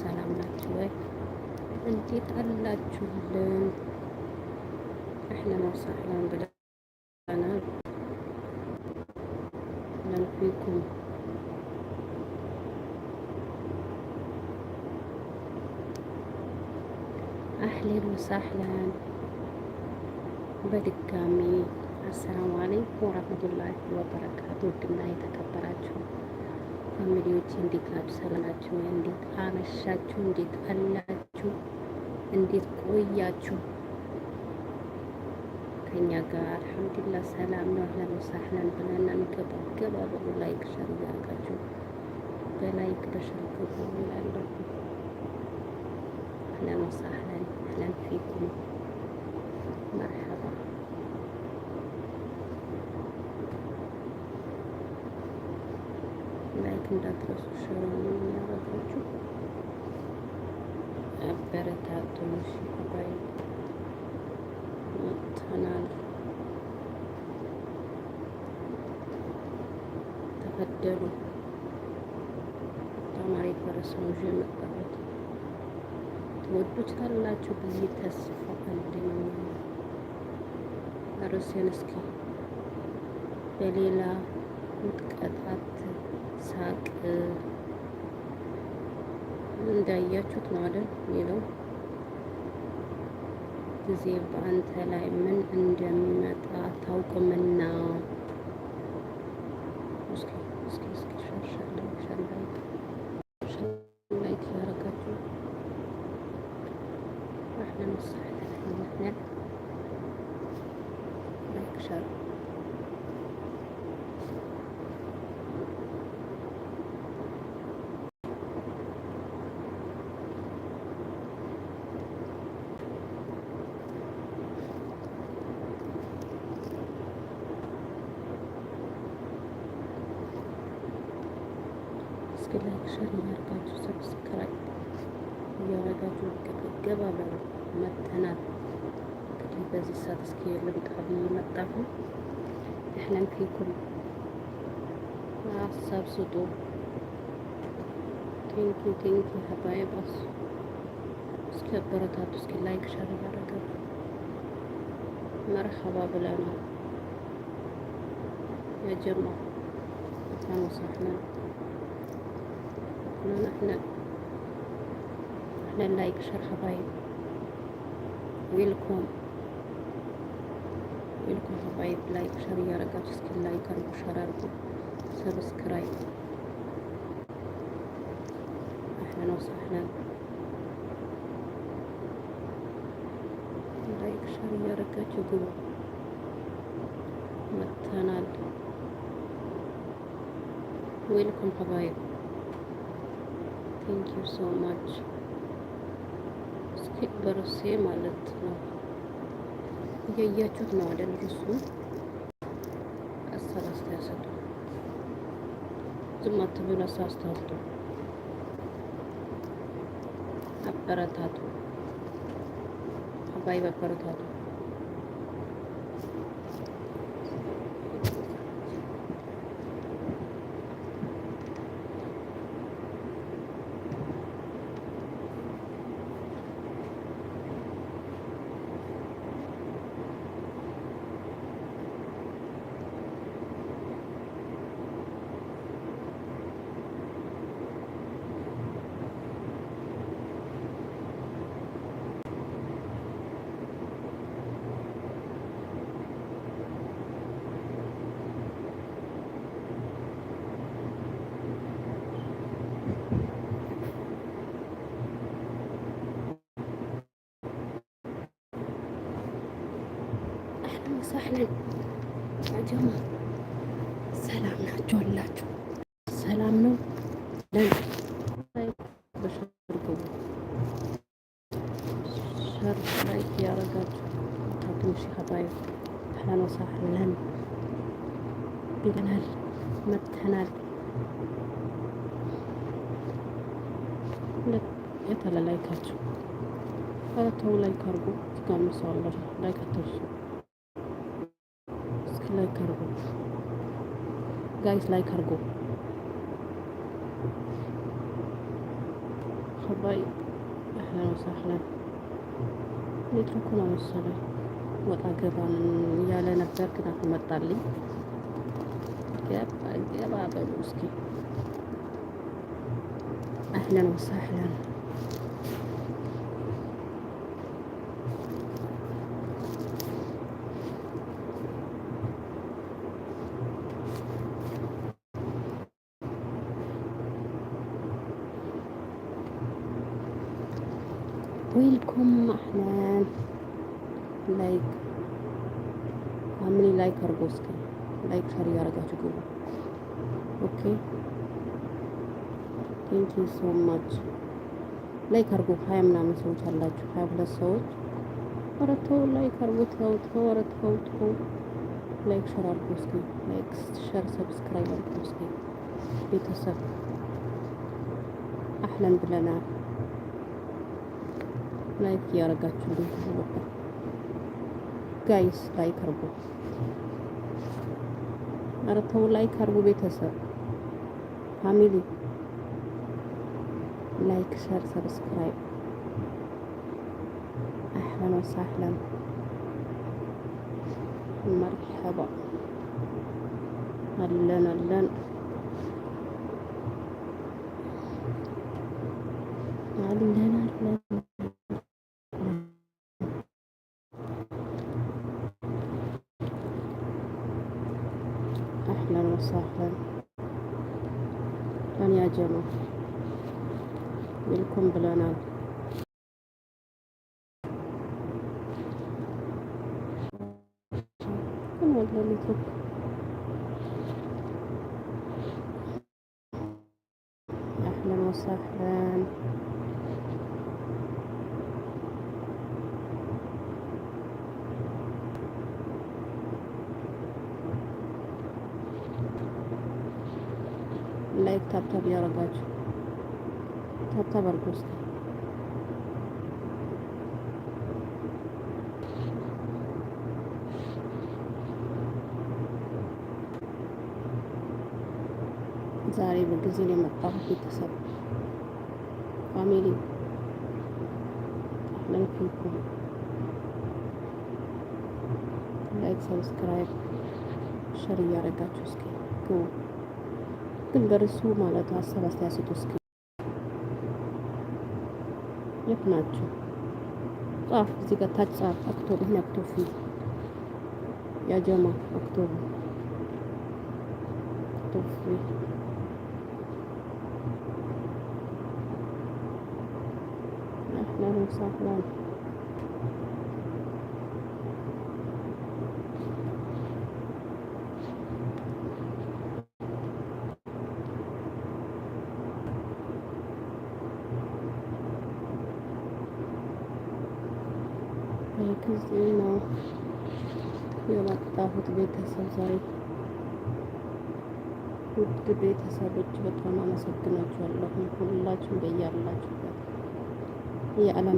ሰላም ናችሁ ወይ? እንዴት አላችሁልን? እህለን ወሰህለን ብለናል። ለንፊኩም አህለን ወሰህለን በድጋሚ አሰላሙ አለይኩም ወረህመቱላሂ ወበረካቱ። ውድና የተከበራችሁ ፋሚሊዎች እንዴት ናችሁ? ሰላም ናችሁ? እንዴት አመሻችሁ? እንዴት አላችሁ? እንዴት ቆያችሁ? ከኛ ጋር አልሐምዱላ ሰላም ነው። አህለን ወሳህለን ብለናል። ገባ ገባ ብሎ ላይክ ሸር እያደረጋችሁ በላይክ በሸር ገቡ እላለሁ። አህለን ወሳህለን አህለን ፊኩም ላይክ እንዳትረሱ ሸራ የሚያደርጋችሁ አበረታቱን። እሺ ባይ ይተናል ተፈደሉ ተማሪ ፈረስ ነው ይዤ የመጣሁት። ትወዱት ካላችሁ ጊዜ ተስፋ አለኝ። ርዕሴን እስኪ በሌላ ምጥቀት ሳቅ እንዳያችሁት ነው አይደል የሚለው ጊዜ በአንተ ላይ ምን እንደሚመጣ አታውቅምና ሸር እያደረጋችሁ ሰብስክራይብ እያደረጋችሁ ገባ ብለን መጥተናል። እንግዲህ በዚህ ሰዓት እስኪ ልምጣ ብዬ መጣሁ። እህለን ፊኩም ሀሳብ ስጡ። ቴንኪ ቴንኪ ሀባይ ባስ እስኪ አበረታቱ። እስኪ ላይክ ሸር እያደረጋችሁ መርሀባ ብለናል። የጀማ ታኖሳትና يعجبنا نحن احنا اللايك شر حبايب ويلكم ويلكم حبايب لايك شر እያረጋችሁ እስኪ شر አርጉ سبسكرايب احنا ሰብስክራይብ احنا لايك شر يا እያረጋችሁ ግቡ متنال ويلكم حبايب ቴንክ ዩ ሶ ማች። እስኪ ማለት ነው እያያችሁት ነው አይደል? እሱ አሰላስታ ያሰጡ ዝም አትበሉ፣ አሳስታቱ፣ አበረታቱ፣ አባይ አበረታቱ። ወሳህለን አጀማ ሰላም ናቸው አላችሁ። ሰላም ነው ሸር ላይ ያረጋችሁ ታትንሽ ሀባይ ሀላል ወሳህለን ብለናል መጥተናል። የተለላይካችሁ ተው ላይክ አርጉ ጋምሰዋለ ላይክ አትርሱ جايز لايك ارجو خباي اهلا وسهلا نترككم على الصلاة وطا جبا يا لا نفسك كنا متطلي جاب جاب ابو اهلا وسهلا እስኪ ላይክ ሸር እያደረጋችሁ ግቡ። ኦኬ ቴንክ ዩ ሶ ማች። ላይክ አርጎ ሀያ ምናምን ሰዎች አላችሁ፣ ሀያ ሁለት ሰዎች። ኧረ ላይክ አርጎ ተው ተው፣ ኧረ ላይክ ሸር አርጎ እስኪ። ላይክ ሸር ሰብስክራይብ አርጎ እስኪ ቤተሰብ። አህለን ብለና ላይክ እያደረጋችሁ ልኝ ጋይስ ላይክ አርጉ። ኧረ ተው ላይክ አድርጉ ቤተሰብ ፋሚሊ ላይክ ሸር ሰብስክራይብ አህለን ወሳህለን መርሐባ አለን አለን አለን الإثيوبي أهلا وسهلا لايك تبتب يا رجاج تبتب القصة ዛሬ በጊዜ ነው የመጣሁት። ቤተሰብ ፋሚሊ ለንኩልኩም ላይክ፣ ሰብስክራይብ፣ ሸር እያደረጋችሁ እስኪ ግቡ። ግን ደርሱ ማለት ሀሳብ አስተያየት እስኪ የት ናችሁ? ጻፍ፣ እዚህ ጋር ታች ጻፍ። አክቶብ ይህን አክቶብ ያጀማ አክቶብ አክቶብ ነው እሳት ላይ ከዚህ ነው የመጣሁት። ቤተሰብ ዛሬ ውድ ቤተሰቦች በጣም አመሰግናችኋለሁ። ሁላችሁም በያላችሁበት የዓለም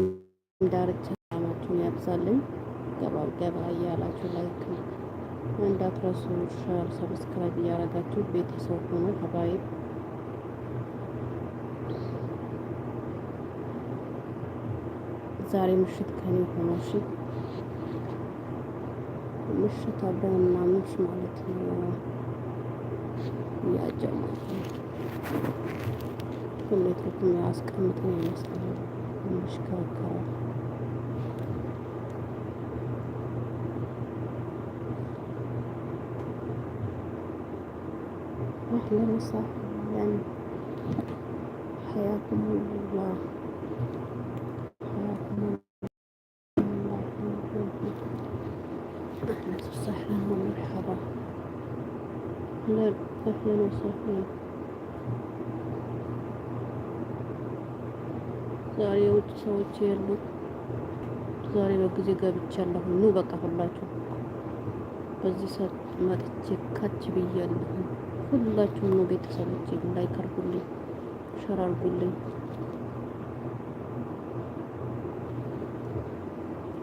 ዳርቻ ሰላማችሁን ያብዛልኝ። ገባ ገባ እያላችሁ ላይክ እንዳትረሱ፣ ሸር፣ ሰብስክራይብ እያረጋችሁ ቤተሰብ ሆኑ ሀባይብ ዛሬ ምሽት ከኔ ሆኖሽ ምሽት አብረን እናምሽ ማለት ነው። ያጀማ ስሜት ያስቀምጠን ይመስላል። مش أهلا وسهلا يعني حياكم الله حياكم الله أهلا وسهلا ومرحبا أهلا وسهلا ዛሬ የውጭ ሰዎች የሉ። ዛሬ ነው በጊዜ ገብቻለሁ። ኑ በቃ ሁላችሁ በዚህ ሰዓት መጥቼ ካች ብያለሁ። ሁላችሁም ነው ቤተሰቦች ላይክ አድርጉልኝ፣ ሸር አድርጉልኝ።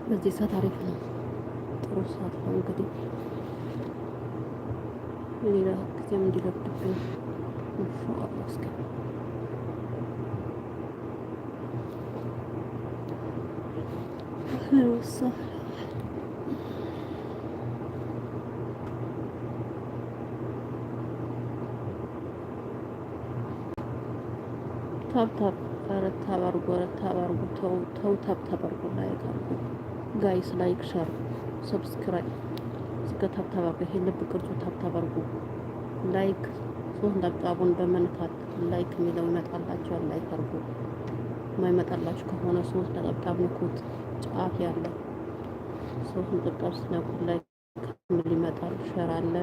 በዚህ ሰዓት አሪፍ ነው፣ ጥሩ ሰዓት ነው። እንግዲህ ሌላ ጊዜም እንዲለብድብኝ እንሻአላ እስከ ሮሳ ታብታብ ረታ አርጎ ረታ አርጎ ተው ተው ታብታብ አርጎ ላይክ አርጎ ጋይስ ላይክ ሸር ሰብስክራይብ እስከ ታብታብ አርጎ ይሄ ልብ ቅርጹ ታብታብ አርጎ ላይክ ሶስት ነጥቡን በመንካት ላይክ የሚለው ይመጣላችኋል። ላይክ አርጎ የማይመጣላችሁ ከሆነ ሶስት ነጥብ ንኩት። ጫፍ ያለው ሶስቱን ጥቀብ ስነቁል ላይ ምን ይመጣል? ሸር አለ፣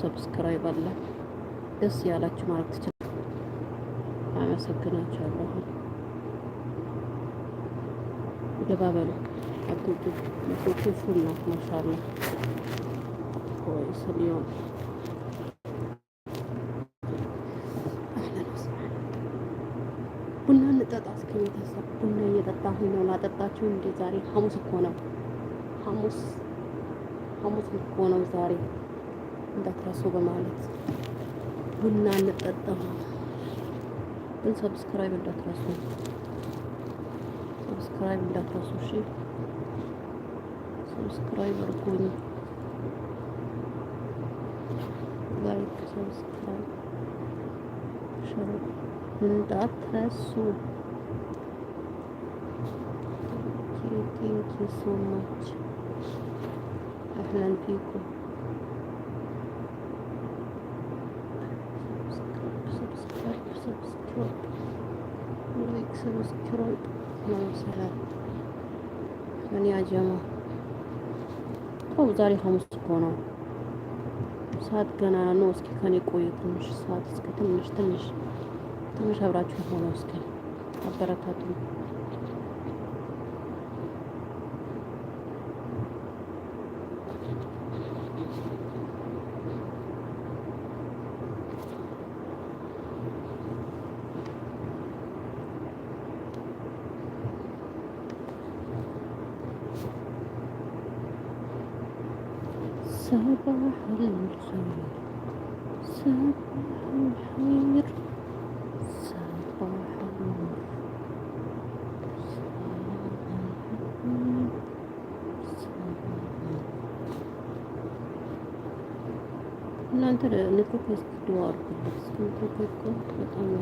ሰብስክራይብ አለ። ደስ ያላችሁ ማለት ትችላል። አመሰግናችኋለሁ። ገባ በሉ አትውጡ። ሱና ማሻአላ ወይ ሰሚዮን ቡና እየጠጣሁኝ ነው። ላጠጣችሁ እንደ ዛሬ ሐሙስ እኮ ነው። ሐሙስ ሐሙስ እኮ ነው ዛሬ እንዳትረሱ በማለት ቡና እንጠጣሁ። ግን ሰብስክራይብ እንዳትረሱ፣ ሰብስክራይብ እንዳትረሱ። እሺ ሰብስክራይብ አድርጉኝ። ላይክ፣ ሰብስክራይብ፣ ሸር እንዳትረሱ። you so much. Ahlan bikum. Subscribe, subscribe, like, subscribe. ሰላም ሰላም። ምን ያጀማ ዛሬ ሐሙስ እኮ ነው። ሰዓት ገና ነው። እስኪ ከኔ ቆዩ ትንሽ ሰዓት እስኪ ትንሽ ትንሽ ትንሽ አብራችሁ ሆኖ እስኪ አበረታቱ።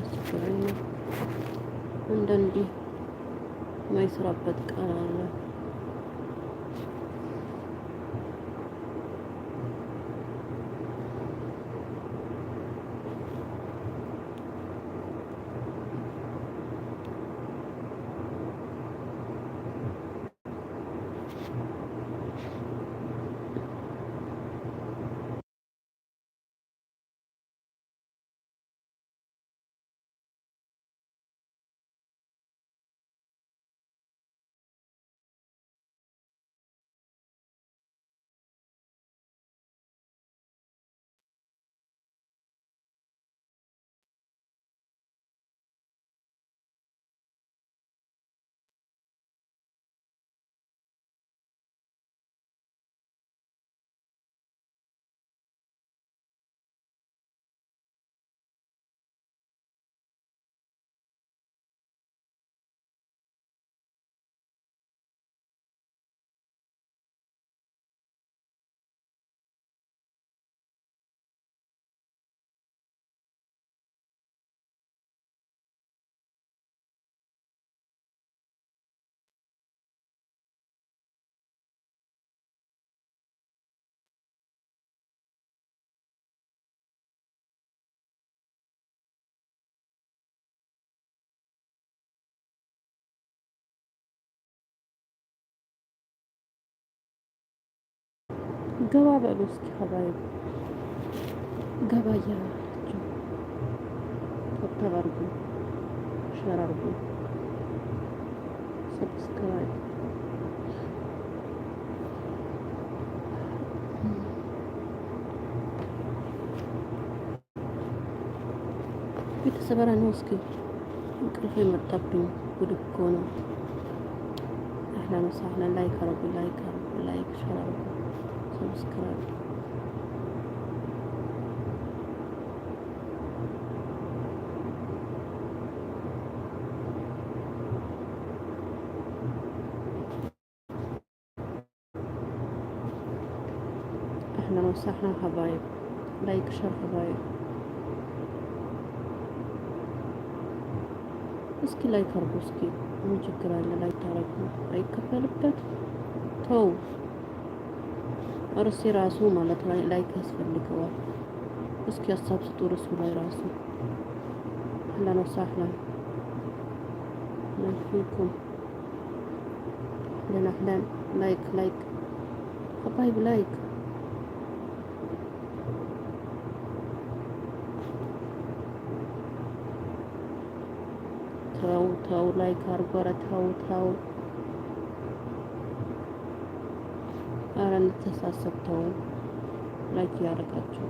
ያስቸግረኛል። አንዳንዴ ማይሰራበት ቃል አለ። ገባ በሉ እስኪ ከባይ ገባ እያላችሁ ተባርጉ፣ ሸራርጉ፣ ሰብስክራይብ ቤተሰበራ ነው። እስኪ እንቅልፍ የመጣብኝ ጉድ እኮ ነው። አህላን ወሳህላን ላይክ አድርጉ፣ ላይክ አድርጉ፣ ላይክ ሸራርጉ። አመሰግናለሁ። አህለን ወሰህለን ሀባይብ ላይክ ሸር ሀባይብ እስኪ ላይክ አርጉ። እስኪ ምን ችግር አለ? ላይክ ታረጉ አይከፈልበት ተው እርሴ ራሱ ማለት ላይ ላይክ ያስፈልገዋል። እስኪ ሀሳብ ስጡ ርሱ ላይ ራሱ አህላን ወሳህላን ፊኩም አህላን አህላን ላይክ ላይክ አባይብ ላይክ ተው ተው ላይክ አርጓረ ተው ተው Ça ça s'octole, là t'y a la gâteau.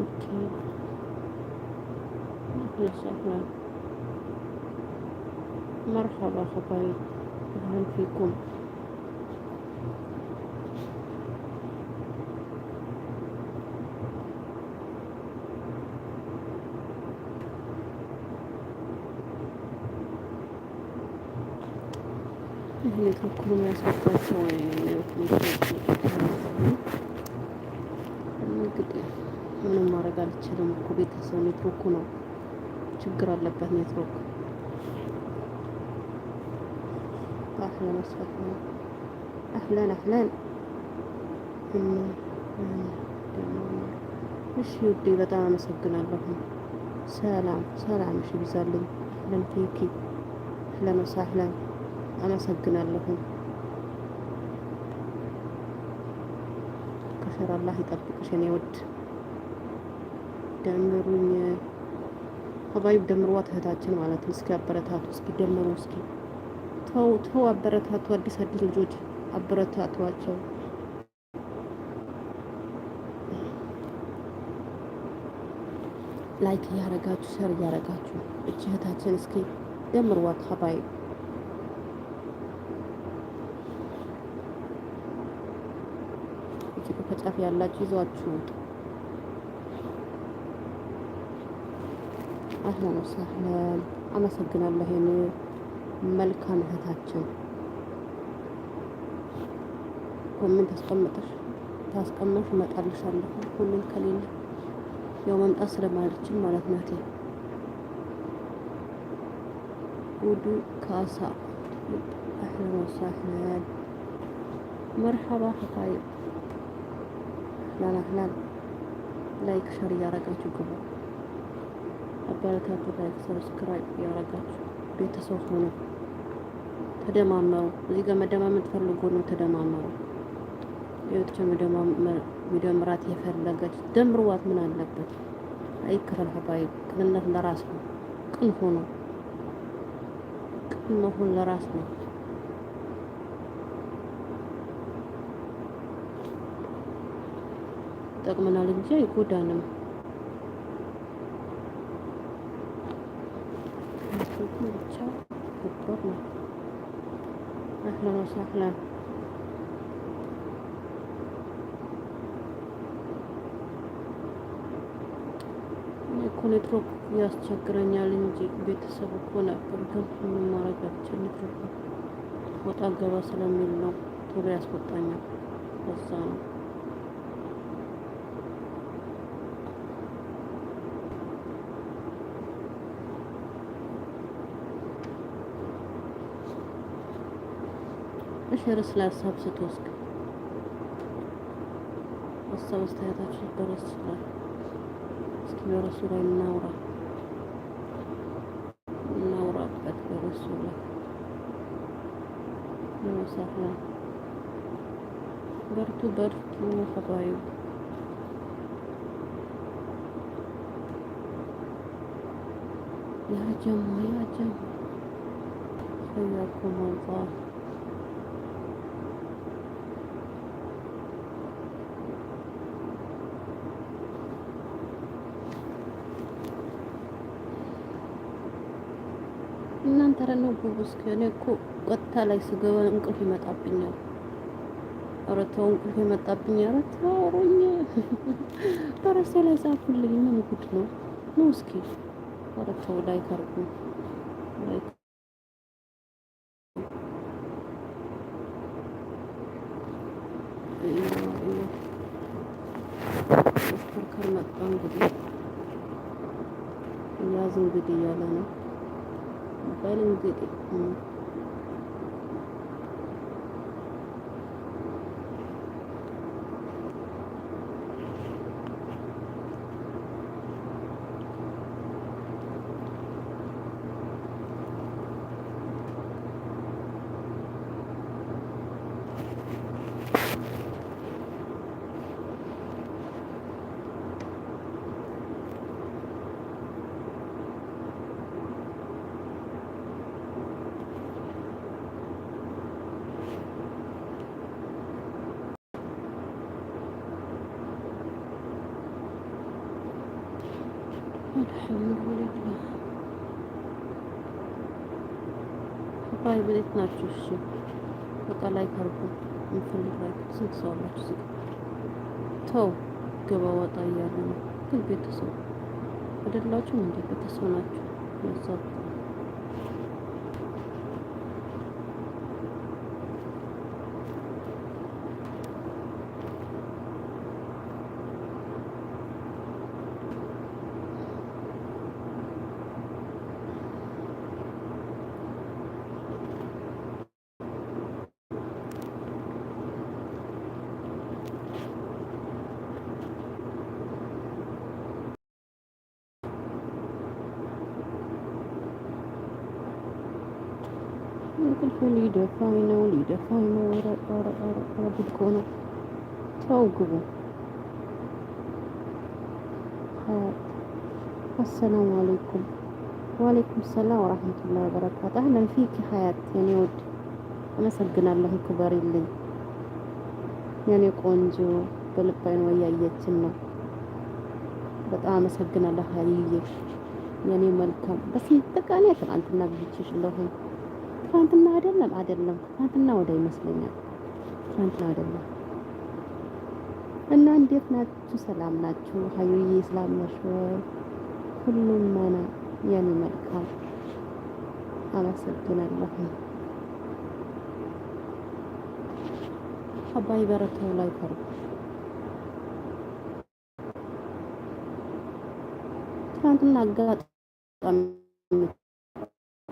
Ok, on a fait ça là. Marre, faveur, ንክክሩ የሚያስወጣቸው እንግዲህ ምንም ማድረግ አልችልም እኮ ቤተሰብ። ኔትወርኩ ነው ችግር አለበት ኔትወርክ አህለን አስፈት አህለን አህለን። እሺ ውዴ በጣም አመሰግናለሁ። ሰላም ሰላም። እሺ ይብዛልኝ። አህለን ኬኪ አህለን አመሰግናለሁ። ከሸር አላህ ይጠብቅሽ የኔ ውድ። ደምሩኝ ሀባይብ ደምሯት እህታችን ማለት ነው። እስኪ አበረታቱ፣ እስኪ ደምሩ፣ እስኪ ተው ተው፣ አበረታቱ። አዲስ አዲስ ልጆች አበረታቷቸው። ላይክ እያረጋችሁ ሸር እያረጋችሁ እች እህታችን እስኪ ደምሯት ሀባይብ ቅርንጫፍ ያላችሁ ይዟችሁ ውጡ። አህለን ወሰህለን። አመሰግናለሁ የኔ መልካም እህታችን። ኮሜንት ታስቀምጠሽ ታስቀምጠሽ እመጣልሻለሁ። ሁሉም ከሌለ ያው መምጣት ስለማልችል ማለት ናት። ጉዱ ካሳ አህለን ወሰህለን። መርሐባ ሀታይብ ላላክላል ላይክ ሸር እያረጋችሁ ግቡ። አበረታቱ። ላይክ ሰብስክራይብ እያረጋችሁ ቤተሰብ ሆኑ፣ ተደማመሩ። እዚህ ጋር መደማመጥ ፈልጎ ነው። ተደማመሩ። ሌሎች መደምራት የፈለገች ደምርዋት ምን አለበት? አይከፈል ሀባይ ቅንነት ለራስ ነው። ቅን ሆኖ ቅን መሆን ለራስ ነው። ይጠቅመናል እንጂ አይጎዳንም። ብቻ ር ነው አህለን ወሰህለን እኮ ኔትወርክ ያስቸግረኛል እንጂ ቤተሰብ እኮ ነበር፣ ግን ምንም ማድረግ አልችልም። ኔትወርክ ወጣ ገባ ስለሚል ነው ቶሎ ያስቆጣኛል። በዛ ነው ስር ስለ ሀሳብ ስትወስድ ሀሳብ አስተያየታችሁ በረስ ይችላል። እስኪ በረሱ ላይ እናውራ እናውራበት በረሱ ላይ ለመሳፍ ነው። በርቱ በርቱ ፈባዩ ያጀሙ ያጀሙ ሰያኩም አላህ ኧረ ነው ጉቡ። እኔ እኮ ቀጥታ ላይ ስገባ እንቅልፍ ይመጣብኛል። ኧረ ተው እንቅልፍ ይመጣብኛል። ኧረ ተው ሮኝ በራሴ ላይ ጻፉልኝ። ምን ጉድ ነው ነው? እስኪ ኧረ ተው ላይ ከርጉ ከርከር መጣ እንግዲህ ያዝ እንግዲህ እያለ ነው የሚባል እንግዲህ በቃ ላይ ካርጉ የሚፈልግ ላይ ስንት ሰው አላችሁ? ስ ተው ገባ ወጣ እያለ ነው። ግን ቤተሰብ አይደላችሁ እንዴ? ቤተሰብ ናችሁ። ጉድ እኮ ነው። ተው ግቡ። አሰላሙ አለይኩም ወአለይኩም ሰላም ወራህመቱላሂ ወበረካቱ። አህለን ፊክ ሀያት የኔ ውድ አመሰግናለሁ። ክበሪልኝ የኔ ቆንጆ በልባይን ወያየችን ነው። በጣም አመሰግናለሁ ሀይዬ የኔ መልካም። በስንት ቀን ትናንትና ግብችሽ ለሁ ትናንትና አይደለም አይደለም ትናንትና ወደ ይመስለኛል ነው አይደለም እና እንዴት ናችሁ? ሰላም ናችሁ? ሀዩዬ ሰላም ነሽ? ሁሉም መና የኔ መልካም አመሰግናለሁ። አባይ በረታው ላይ ፈር ትናንትና አጋጣሚ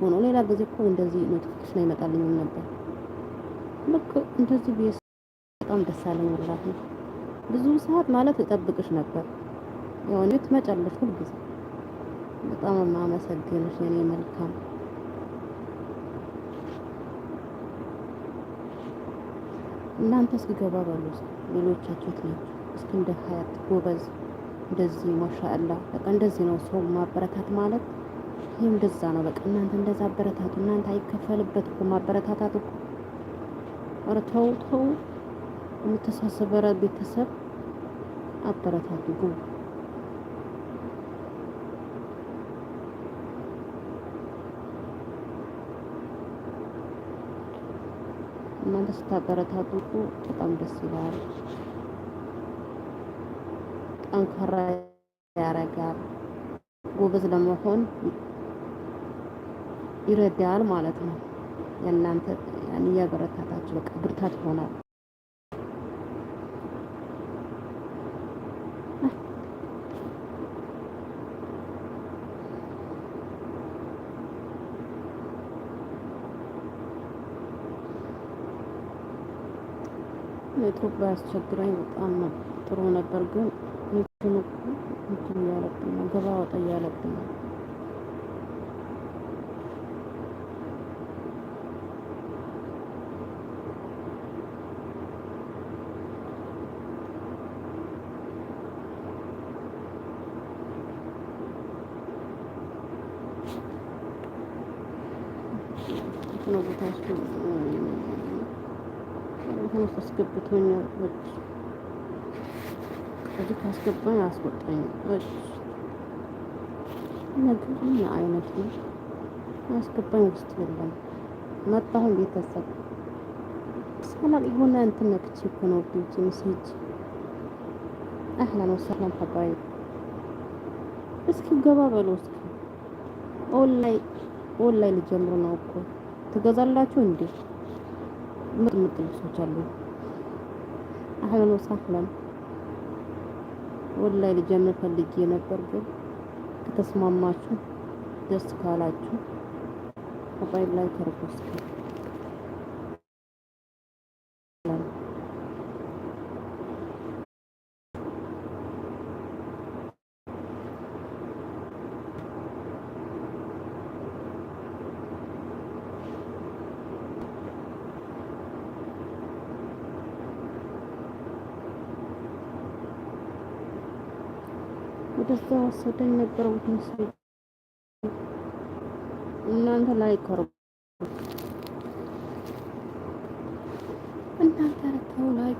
ሆኖ ሌላ ጊዜ እኮ እንደዚህ ኖቲፊኬሽን አይመጣልኝም ነበር። ልክ እንደዚህ ብዬ በጣም ደስ አለኝ። ወላት ብዙ ሰዓት ማለት እጠብቅሽ ነበር የሆነ ትመጫለሽ ሁልጊዜ። በጣም የማመሰግንሽ የኔ መልካም እናንተ ገባ ባሉ ሌሎቻችሁ የት እስኪ እንደ ሀያት ጎበዝ እንደዚህ ማሻአላ በቃ እንደዚህ ነው ሰው ማበረታት ማለት ይህም እንደዛ ነው። በቃ እናንተ እንደዛ አበረታቱ። እናንተ አይከፈልበት እኮ ማበረታታት እኮ ኧረ ተው ተው። የምተሳሰብ ቤተሰብ አበረታቱ። እናንተ ስታበረታቱ በጣም ደስ ይላል። ጠንካራ ያረጋል። ጎበዝ ለመሆን ይረዳል ማለት ነው። የእናንተ ያን እያበረታታችሁ በቃ ብርታት ይሆናል። ኔትወርክ ባያስቸግረኝ በጣም ጥሩ ነበር፣ ግን ኔትወርክ እንትን እያለብኝ ነው፣ ገባ ወጣ እያለብኝ ነው። ነው ቤታችሁ ሆኖ አስገብቶኛል። እዚህ ካስገባኝ አስወጣኝ ነገር ምን አይነት ነው? አስገባኝ ውስጥ የለም መጣሁን ቤተሰብ ሰላም የሆነ እንትን ነክቼ እኮ ነው ብዬ ሜሴጅ አህላን ወሰላም ተባይ እስኪ ገባ በሉ እስኪ ኦንላይን ኦንላይን ሊጀምሩ ነው እኮ ትገዛላችሁ እንዴ? ምጥምጥ ልብሶች አሉ። አህለን ወሳህለን። ወላሂ ልጀምር ፈልጌ ነበር፣ ግን ከተስማማችሁ ደስ ካላችሁ ሞባይል ላይ ተርቦ ወደዛ ወሰደኝ ነበረ ምትመስል እናንተ ላይ ኮርቡ እናንተ ረተው ላይ